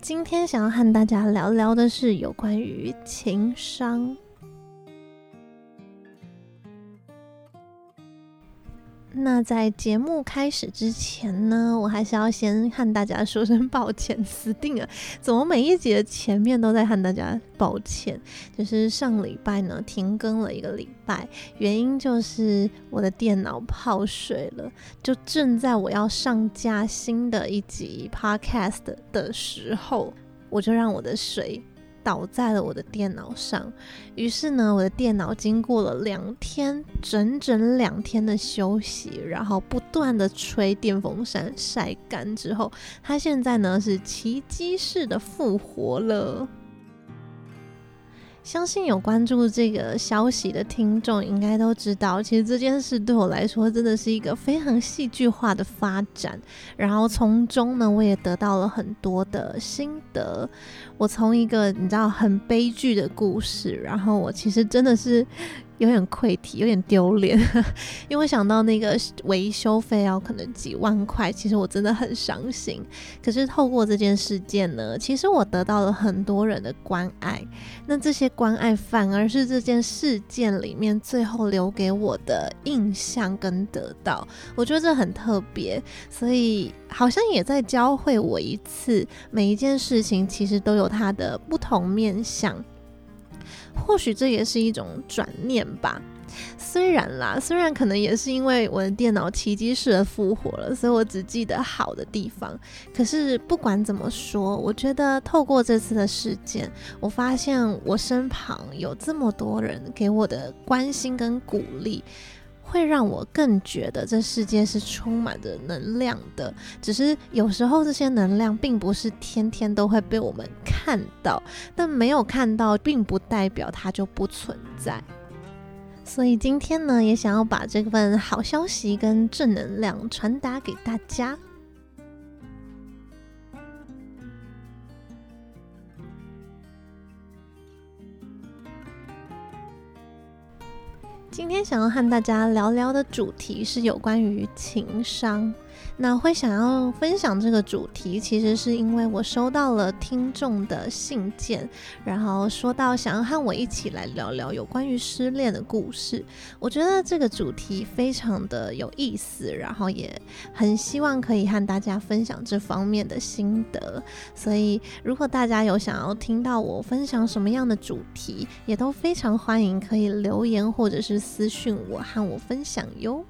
今天想要和大家聊聊的是有關於情傷。那在節目開始之前呢，我還是要先和大家說聲抱歉，死定了！怎麼每一集的前面都在和大家抱歉？就是上禮拜呢停更，了一個禮拜，原因就是我的電腦泡水了。就正在我要上架新的一集 podcast 的時候，我就讓我的水。倒在了我的電腦上，於是呢，我的電腦經過了兩天，整整兩天的休息，然後不斷的吹電風扇曬乾之後，它現在呢，是奇蹟式的復活了。相信有關注這個消息的聽眾應該都知道，其實這件事對我來說真的是一個非常戲劇化的發展。然後從中呢，我也得到了很多的心得。我從一個你知道很悲劇的故事，然後我其實真的是。有點潰堤，有點丟臉，因為想到那個維修費要可能幾萬塊，其實我真的很傷心。可是透過這件事件呢，其實我得到了很多人的關愛，那這些關愛反而是這件事件裡面最後留給我的印象跟得到，我覺得這很特別。所以好像也在教會我一次，每一件事情其實都有它的不同面向。或許這也是一種轉念吧。雖然啦，雖然可能也是因為我的電腦奇蹟式地復活了，所以我只記得好的地方。可是不管怎麼說，我覺得透過這次的事件，我發現我身旁有這麼多人給我的關心跟鼓勵。會讓我更覺得這世界是充滿着能量的，只是有時候這些能量並不是天天都會被我們看到，但沒有看到並不代表它就不存在。所以今天呢，也想要把這份好消息跟正能量傳達給大家。今天想要和大家聊聊的主題是有關於情傷。那會想要分享這個主題，其實是因為我收到了聽眾的信件，然後說到想要和我一起來聊聊有關於失戀的故事。我覺得這個主題非常的有意思，然後也很希望可以和大家分享這方面的心得。所以，如果大家有想要聽到我分享什麼樣的主題，也都非常歡迎可以留言或者是私訊我和我分享喲。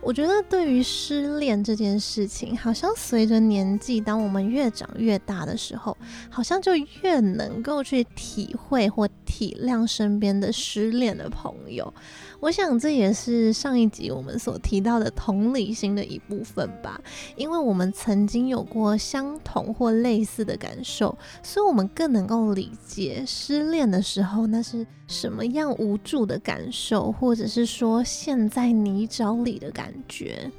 我覺得，對於失戀這件事情，好像隨着年紀，當我們越長越大的時候，好像就越能夠去體會或體諒身邊的失戀的朋友。我想這也是上一集我們所提到的同理心的一部分吧，因為我們曾經有過相同或類似的感受，所以我們更能夠理解失戀的時候那是什麼樣無助的感受，或者是說陷在泥沼裡的感覺。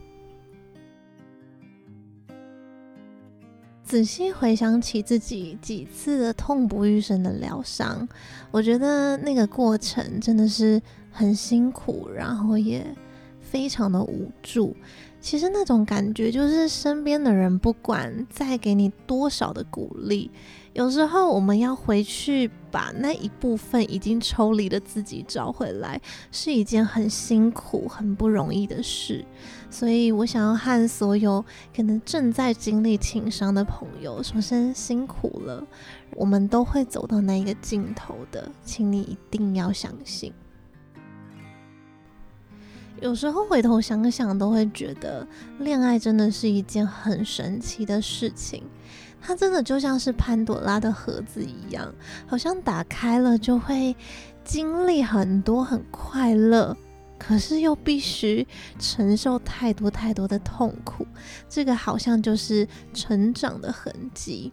仔細回想起自己幾次的痛不欲生的療傷，我覺得那個過程真的是，很辛苦，然後也非常的無助。其實那種感覺，就是身邊的人不管再給你多少的鼓勵，有時候我們要回去把那一部分已經抽離的自己找回來，是一件很辛苦、很不容易的事。所以我想要和所有可能正在經歷情傷的朋友，首先辛苦了，我們都會走到那一個盡頭的，請你一定要相信。有時候回頭想想，都會覺得戀愛真的是一件很神奇的事情。它真的就像是潘朵拉的盒子一樣，好像打開了就會經歷很多很快樂，可是又必須承受太多太多的痛苦。這個好像就是成長的痕跡。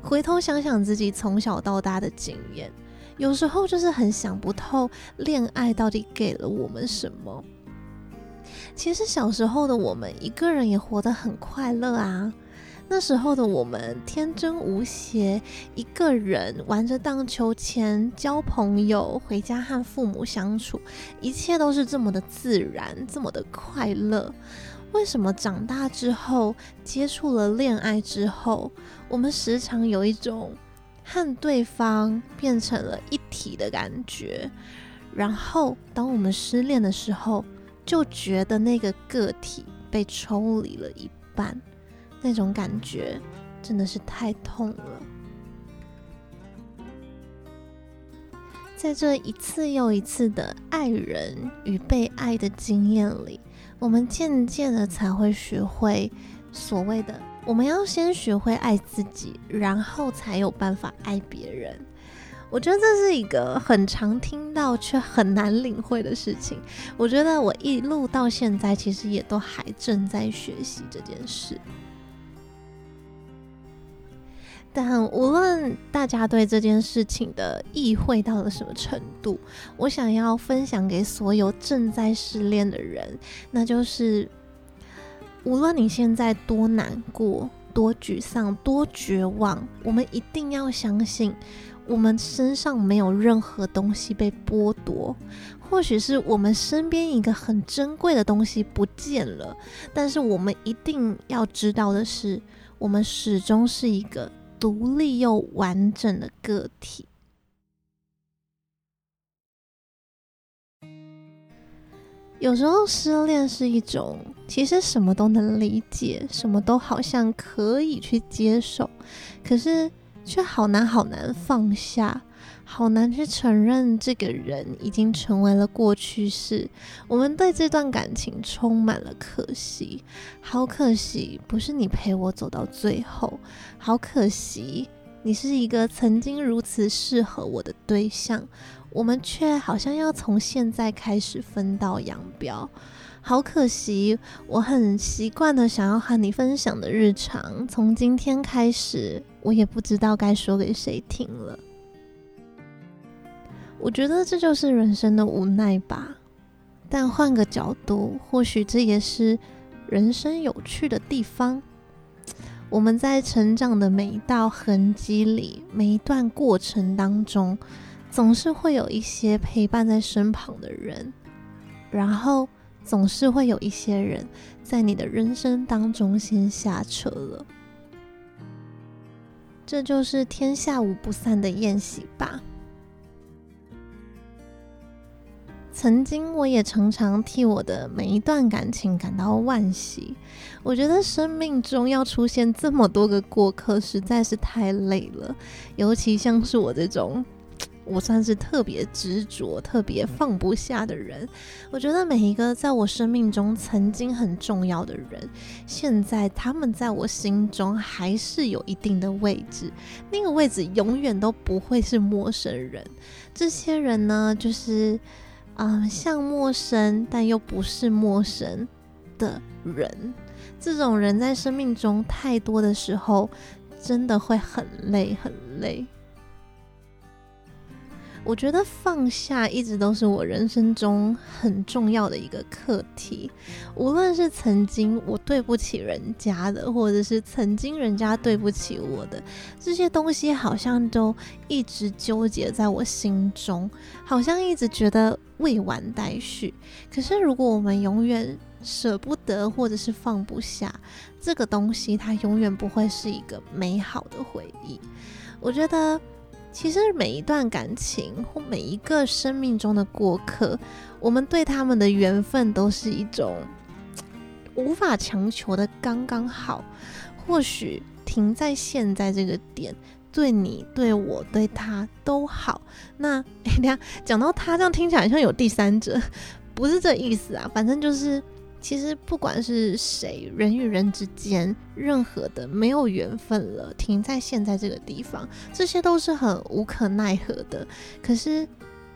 回頭想想自己從小到大的經驗。有時候就是很想不透戀愛到底給了我們什麼。其實小時候的我們一個人也活得很快樂啊，那時候的我們天真無邪，一個人玩着盪秋千、交朋友、回家和父母相處，一切都是這麼的自然，這麼的快樂。為什麼長大之後接觸了戀愛之後，我們時常有一種和對方變成了一體的感覺，然後當我們失戀的時候，就覺得那個個體被抽離了一半，那種感覺真的是太痛了。在這一次又一次的愛人與被愛的經驗裡，我們漸漸的才會學會所謂的。我們要先學會愛自己，然後才有辦法愛別人。我覺得這是一個很常聽到卻很難領會的事情。我覺得我一路到現在，其實也都還正在學習這件事。但無論大家對這件事情的意會到了什麼程度，我想要分享給所有正在失戀的人，那就是。無論你現在多難過、多沮喪、多絕望，我們一定要相信，我們身上沒有任何東西被剝奪。或許是我們身邊一個很珍貴的東西不見了，但是我們一定要知道的是，我們始終是一個獨立又完整的個體。有時候失戀是一種，其實什麼都能理解，什麼都好像可以去接受，可是卻好難好難放下，好難去承認這個人已經成為了過去式。我們對這段感情充滿了可惜，好可惜，不是你陪我走到最後，好可惜，你是一個曾經如此適合我的對象。我們卻好像要從現在開始分道揚鑣，好可惜！我很習慣的想要和你分享的日常，從今天開始，我也不知道該說給誰聽了。我覺得這就是人生的無奈吧。但換個角度，或許這也是人生有趣的地方。我們在成長的每一道痕跡裡，每一段過程當中，總是會有一些陪伴在身旁的人，然後總是會有一些人在你的人生當中先下車了。這就是天下無不散的宴席吧。曾經我也常常替我的每一段感情感到惋惜。我覺得生命中要出現這麼多個過客實在是太累了，尤其像是我這種。我算是特別執着、特別放不下的人。我覺得每一個在我生命中曾經很重要的人，現在他們在我心中還是有一定的位置。那個位置永遠都不會是陌生人。這些人呢，就是嗯、呃，像陌生但又不是陌生的人。這種人在生命中太多的時候，真的會很累，很累。我覺得放下一直都是我人生中很重要的一個課題。無論是曾經我對不起人家的，或者是曾經人家對不起我的，這些東西好像都一直糾結在我心中，好像一直覺得未完待續。可是如果我們永遠捨不得，或者是放不下這個東西，它永遠不會是一個美好的回憶。我覺得。其實每一段感情或每一個生命中的過客，我們對他們的緣分都是一種無法強求的剛剛好。或許停在現在這個點，對你、對我、對他都好。那，哎，欸，等下講到他，這樣聽起來好像有第三者，不是這意思啊。反正就是。其實不管是誰，人與人之間任何的沒有緣分了，停在現在這個地方，這些都是很無可奈何的。可是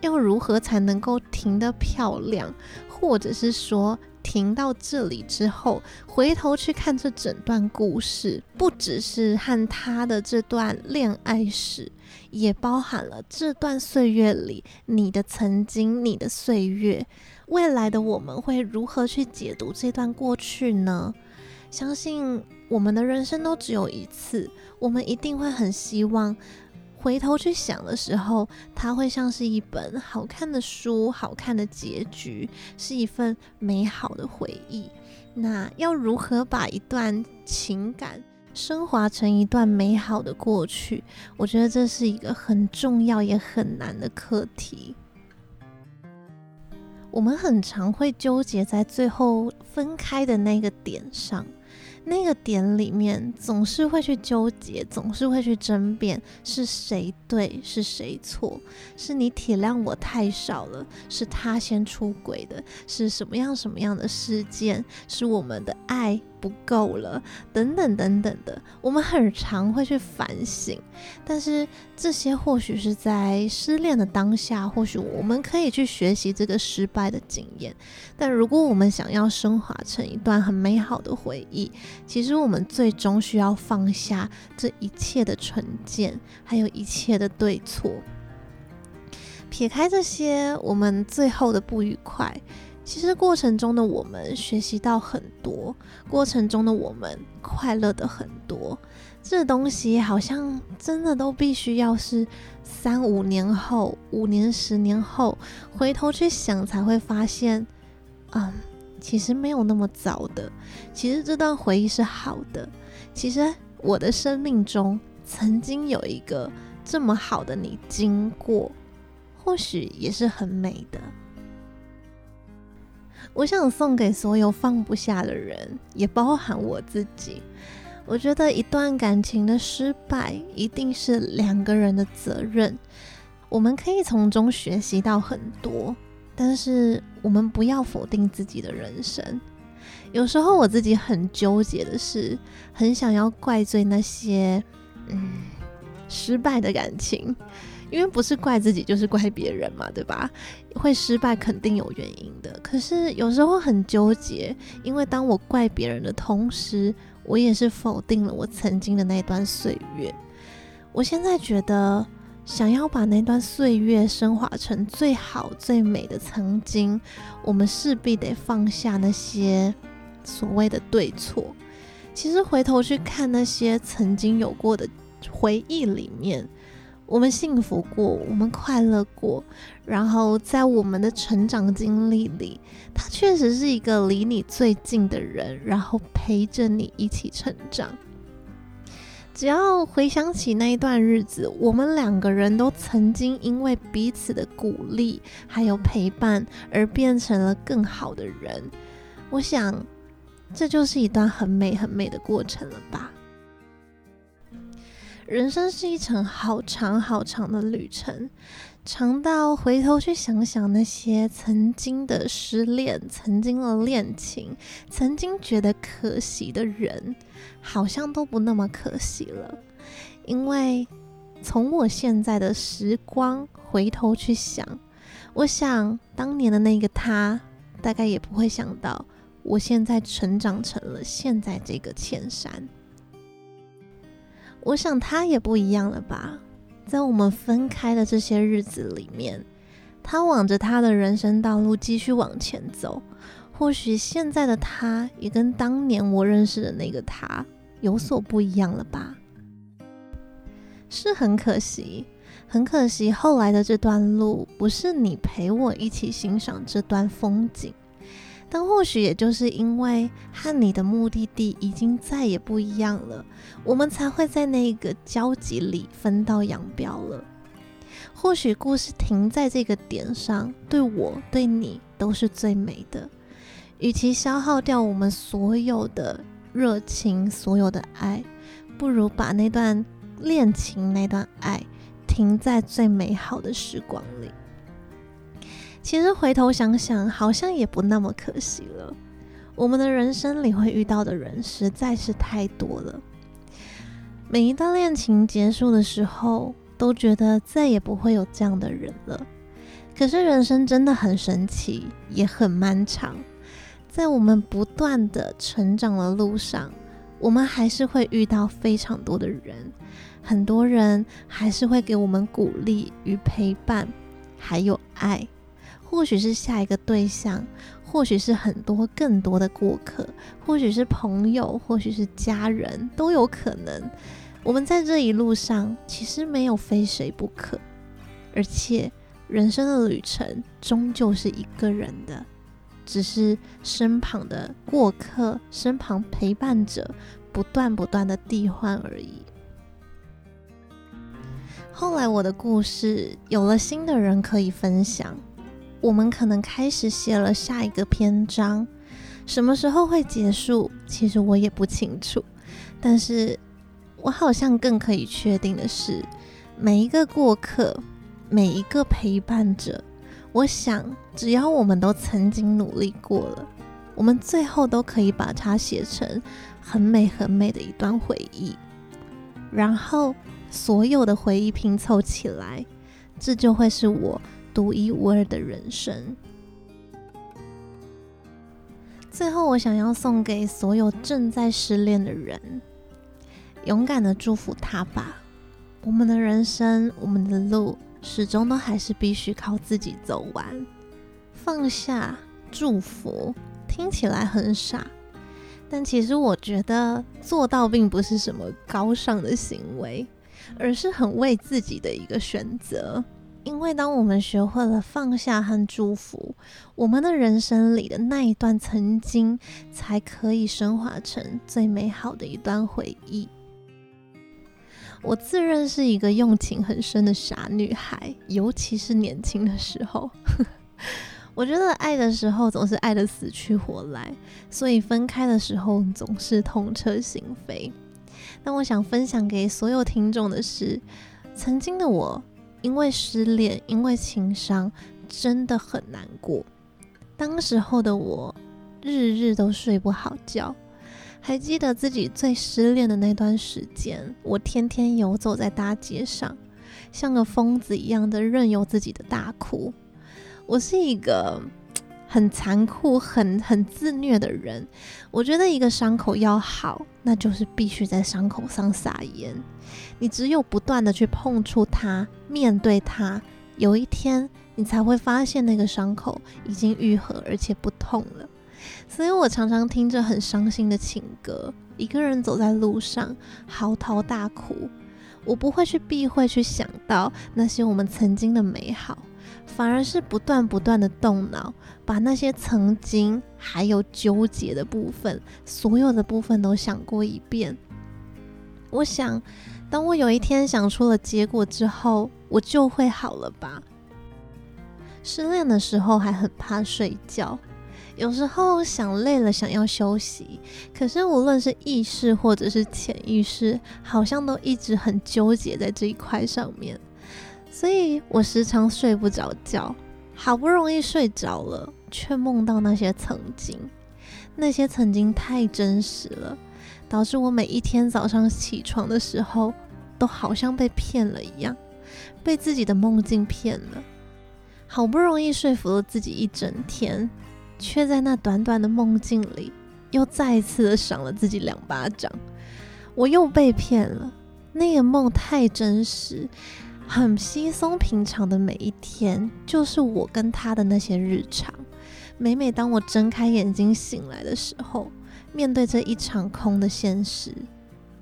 要如何才能夠停得漂亮？或者是說停到這裡之後，回頭去看這整段故事，不只是和他的這段戀愛史。也包含了這段歲月裡你的曾經、你的歲月。未來的我們會如何去解讀這段過去呢？相信我們的人生都只有一次，我們一定會很希望回頭去想的時候，它會像是一本好看的書、好看的結局，是一份美好的回憶。那要如何把一段情感升華成一段美好的過去，我覺得這是一個很重要也很難的課題。我們很常會糾結在最後分開的那個點上。那個點裡面總是會去糾結，總是會去爭辯是誰對是誰錯，是你體諒我太少了，是他先出軌的，是什麼樣什麼樣的事件，是我們的愛不夠了，等等等等的，我們很常會去反省，但是這些或許是在失戀的當下，或許我們可以去學習這個失敗的經驗，但如果我們想要升華成一段很美好的回憶。其實我們最終需要放下這一切的成見，還有一切的對錯。撇開這些，我們最後的不愉快，其實過程中的我們學習到很多，過程中的我們快樂的很多。這東西好像真的都必須要是三五年後、五年十年後，回頭去想才會發現，嗯。其實沒有那麼糟的，其實這段回憶是好的，其實我的生命中曾經有一個這麼好的你經過，或許也是很美的。我想送給所有放不下的人，也包含我自己。我覺得一段感情的失敗一定是兩個人的責任，我們可以從中學習到很多。但是我們不要否定自己的人生。有時候我自己很糾結的是，很想要怪罪那些嗯失敗的感情，因為不是怪自己就是怪別人嘛，對吧？會失敗肯定有原因的。可是有時候很糾結，因為當我怪別人的同時，我也是否定了我曾經的那段歲月。我現在覺得，想要把那段歲月昇華成最好最美的曾經，我們勢必得放下那些所謂的對錯。其實回頭去看那些曾經有過的回憶裡面，我們幸福過，我們快樂過，然後在我們的成長經歷裡，他確實是一個離你最近的人，然後陪着你一起成長。只要回想起那一段日子，我們兩個人都曾經因為彼此的鼓勵還有陪伴而變成了更好的人。我想，這就是一段很美很美的過程了吧。人生是一場好長好長的旅程，長到回頭去想想那些曾經的失戀、曾經的戀情、曾經覺得可惜的人，好像都不那麼可惜了。因為從我現在的時光回頭去想，我想當年的那個他，大概也不會想到，我現在成長成了現在這個茜珊。我想他也不一樣了吧。在我們分開的這些日子裡面，他往着他的人生道路繼續往前走。或許現在的他，也跟當年我認識的那個他有所不一樣了吧。是很可惜，很可惜，後來的這段路不是你陪我一起欣賞這段風景。但或許也就是因為和你的目的地已經再也不一樣了，我們才會在那個交集裡分道揚鑣了。或許故事停在這個點上，對我對你都是最美的。與其消耗掉我們所有的熱情、所有的愛，不如把那段戀情、那段愛停在最美好的時光裡。其實回頭想想，好像也不那麼可惜了。我們的人生裡會遇到的人實在是太多了。每一段戀情結束的時候，都覺得再也不會有這樣的人了。可是人生真的很神奇，也很漫長。在我們不斷的成長的路上，我們還是會遇到非常多的人，很多人還是會給我們鼓勵與陪伴，還有愛。或許是下一個對象，或許是很多更多的過客，或許是朋友，或許是家人，都有可能。我們在這一路上，其實沒有非誰不可，而且人生的旅程終究是一個人的，只是身旁的過客，身旁陪伴者不斷不斷的替換而已。後來我的故事有了新的人可以分享。我們可能開始寫了下一個篇章，什麼時候會結束，其實我也不清楚。但是，我好像更可以確定的是，每一個過客，每一個陪伴者，我想，只要我們都曾經努力過了，我們最後都可以把它寫成很美、很美的一段回憶。然後，所有的回憶拼湊起來，這就會是我。獨一無二的人生。最後，我想要送給所有正在失戀的人，勇敢地祝福他吧。我們的人生，我們的路，始終都還是必須靠自己走完。放下祝福，聽起來很傻，但其實我覺得做到並不是什麼高尚的行為，而是很為自己的一個選擇。因為當我們學會了放下和祝福，我們的人生裡的那一段曾經，才可以升華成最美好的一段回憶。我自認是一個用情很深的傻女孩，尤其是年輕的時候， 我覺得愛的時候總是愛的死去活來，所以分開的時候總是痛徹心扉。但我想分享給所有聽眾的是，曾經的我。因為失戀，因為情傷，真的很難過。當時候的我，日日都睡不好覺。還記得自己最失戀的那段時間，我天天遊走在大街上，像個瘋子一樣的任由自己的大哭。我是一個。很殘酷、很很自虐的人，我覺得一個傷口要好，那就是必須在傷口上撒鹽。你只有不斷的去碰觸它、面對它，有一天你才會發現那個傷口已經癒合，而且不痛了。所以我常常聽着很傷心的情歌，一個人走在路上嚎啕大哭。我不會去避諱去想到那些我們曾經的美好。反而是不斷不斷的動腦，把那些曾經還有糾結的部分，所有的部分都想過一遍。我想，當我有一天想出了結果之後，我就會好了吧。失戀的時候還很怕睡覺，有時候想累了想要休息，可是無論是意識或者是潛意識，好像都一直很糾結在這一塊上面。所以我時常睡不着覺，好不容易睡着了，卻夢到那些曾經，那些曾經太真實了，導致我每一天早上起床的時候，都好像被騙了一樣，被自己的夢境騙了。好不容易說服了自己一整天，卻在那短短的夢境裡，又再一次的賞了自己兩巴掌，我又被騙了。那個夢太真實。很稀鬆平常的每一天，就是我跟他的那些日常。每每當我睜開眼睛醒來的時候，面對這一場空的現實，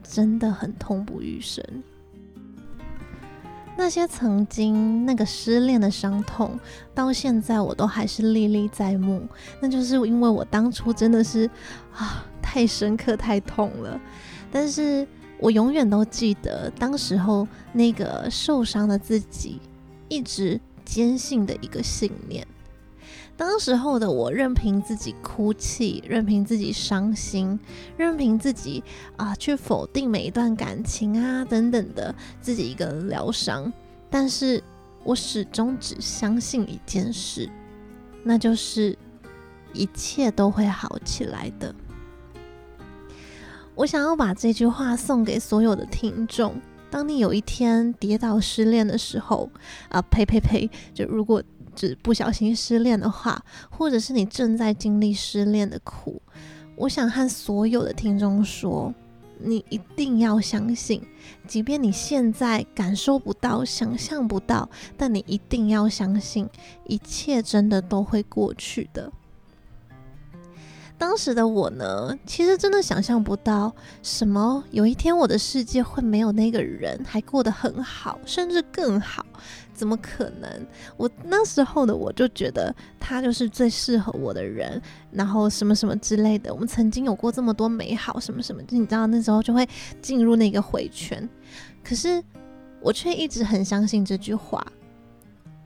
真的很痛不欲生。那些曾經那個失戀的傷痛，到現在我都還是歷歷在目。那就是因為我當初真的是啊，太深刻、太痛了。但是，我永遠都記得，當時候那個受傷的自己，一直堅信的一個信念。當時候的我，任憑自己哭泣，任憑自己傷心，任憑自己啊、呃、去否定每一段感情啊等等的自己一個療傷。但是我始終只相信一件事，那就是一切都會好起來的。我想要把這句話送給所有的聽眾：當你有一天跌倒失戀的時候，啊、呃、呸呸呸！就如果只不小心失戀的話，或者是你正在經歷失戀的苦，我想和所有的聽眾說，你一定要相信，即便你現在感受不到、想象不到，但你一定要相信，一切真的都會過去的。當時的我呢，其實真的想象不到，什麼有一天我的世界會沒有那個人，還過得很好，甚至更好，怎麼可能？我那時候的我就覺得他就是最適合我的人，然後什麼什麼之類的，我們曾經有過這麼多美好，什麼什麼，就你知道，那時候就會進入那個回圈。可是我卻一直很相信這句話。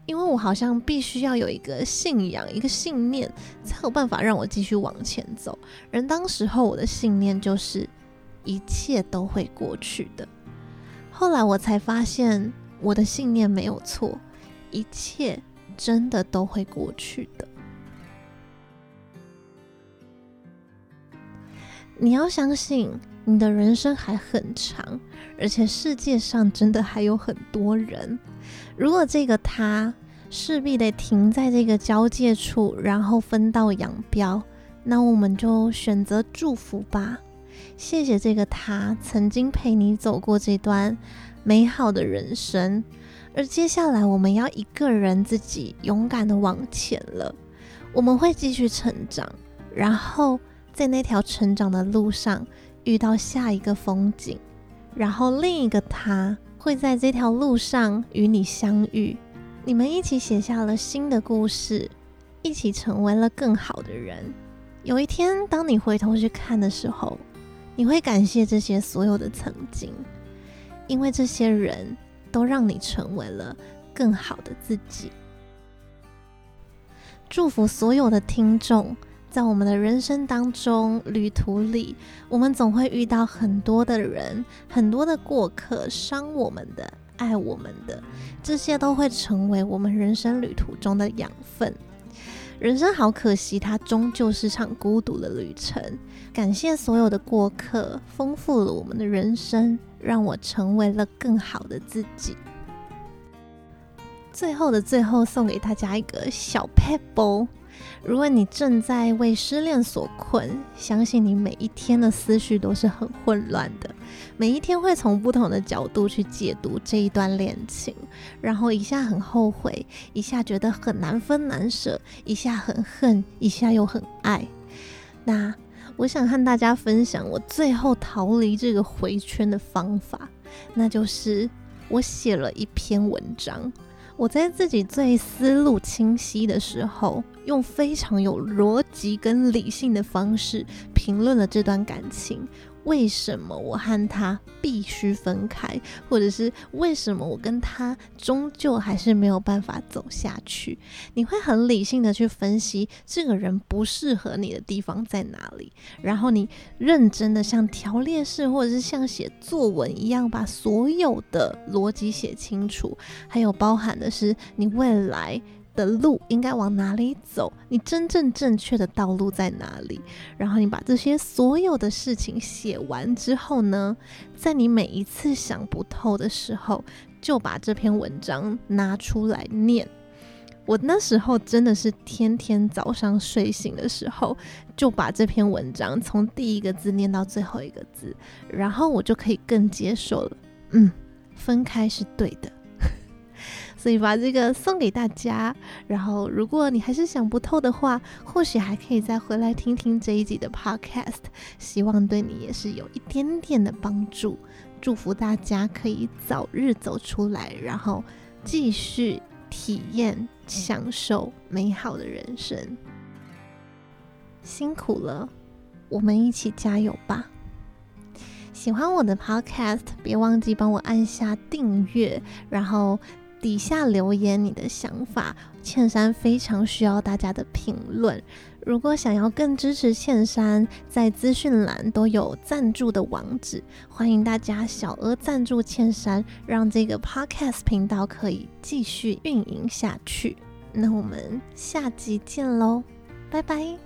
因為我好像必須要有一個信仰，一個信念，才有辦法讓我繼續往前走。而當時候，我的信念就是一切都會過去的。後來我才發現，我的信念沒有錯，一切真的都會過去的。你要相信。你的人生還很長，而且世界上真的還有很多人。如果這個他勢必得停在這個交界處，然後分道揚鑣，那我們就選擇祝福吧。謝謝這個他曾經陪你走過這段美好的人生，而接下來我們要一個人自己勇敢的往前了。我們會繼續成長，然後在那條成長的路上，遇到下一個風景，然後另一個他會在這條路上與你相遇，你們一起寫下了新的故事，一起成為了更好的人。有一天，當你回頭去看的時候，你會感謝這些所有的曾經，因為這些人都讓你成為了更好的自己。祝福所有的聽眾。在我們的人生當中，旅途裡，我們總會遇到很多的人，很多的過客，傷我們的，愛我們的，這些都會成為我們人生旅途中的養分。人生好可惜，它終究是場孤獨的旅程。感謝所有的過客，豐富了我們的人生，讓我成為了更好的自己。最後的最後，送給大家一個小撇步。如果你正在為失戀所困，相信你每一天的思緒都是很混亂的，每一天會從不同的角度去解讀這一段戀情，然後一下很後悔，一下覺得很難分難舍，一下很恨，一下又很愛。那我想和大家分享我最後逃離這個回圈的方法，那就是我寫了一篇文章。我在自己最思路清晰的時候，用非常有邏輯跟理性的方式評論了這段感情。為什麼我和他必須分開，或者是為什麼我跟他終究還是沒有辦法走下去？你會很理性的去分析這個人不適合你的地方在哪裡，然後你認真的像條列式或者是像寫作文一樣把所有的邏輯寫清楚，還有包含的是你未來。的路應該往哪裡走？你真正正確的道路在哪裡？然後你把這些所有的事情寫完之後呢，在你每一次想不透的時候，就把這篇文章拿出來念。我那時候真的是天天早上睡醒的時候，就把這篇文章從第一個字念到最後一個字，然後我就可以更接受了。嗯，分開是對的。所以把這個送給大家。然後，如果你還是想不透的話，或許還可以再回來聽聽這一集的 Podcast，希望對你也是有一點點的幫助。祝福大家可以早日走出來，然後繼續體驗、享受美好的人生。辛苦了，我們一起加油吧！喜歡我的 Podcast，別忘記幫我按下訂閱，然後。底下留言你的想法，茜珊非常需要大家的評論。如果想要更支持茜珊，在資訊欄都有贊助的網址，歡迎大家小額贊助茜珊，讓這個 podcast 頻道可以繼續運營下去。那我們下集見嘍，拜拜。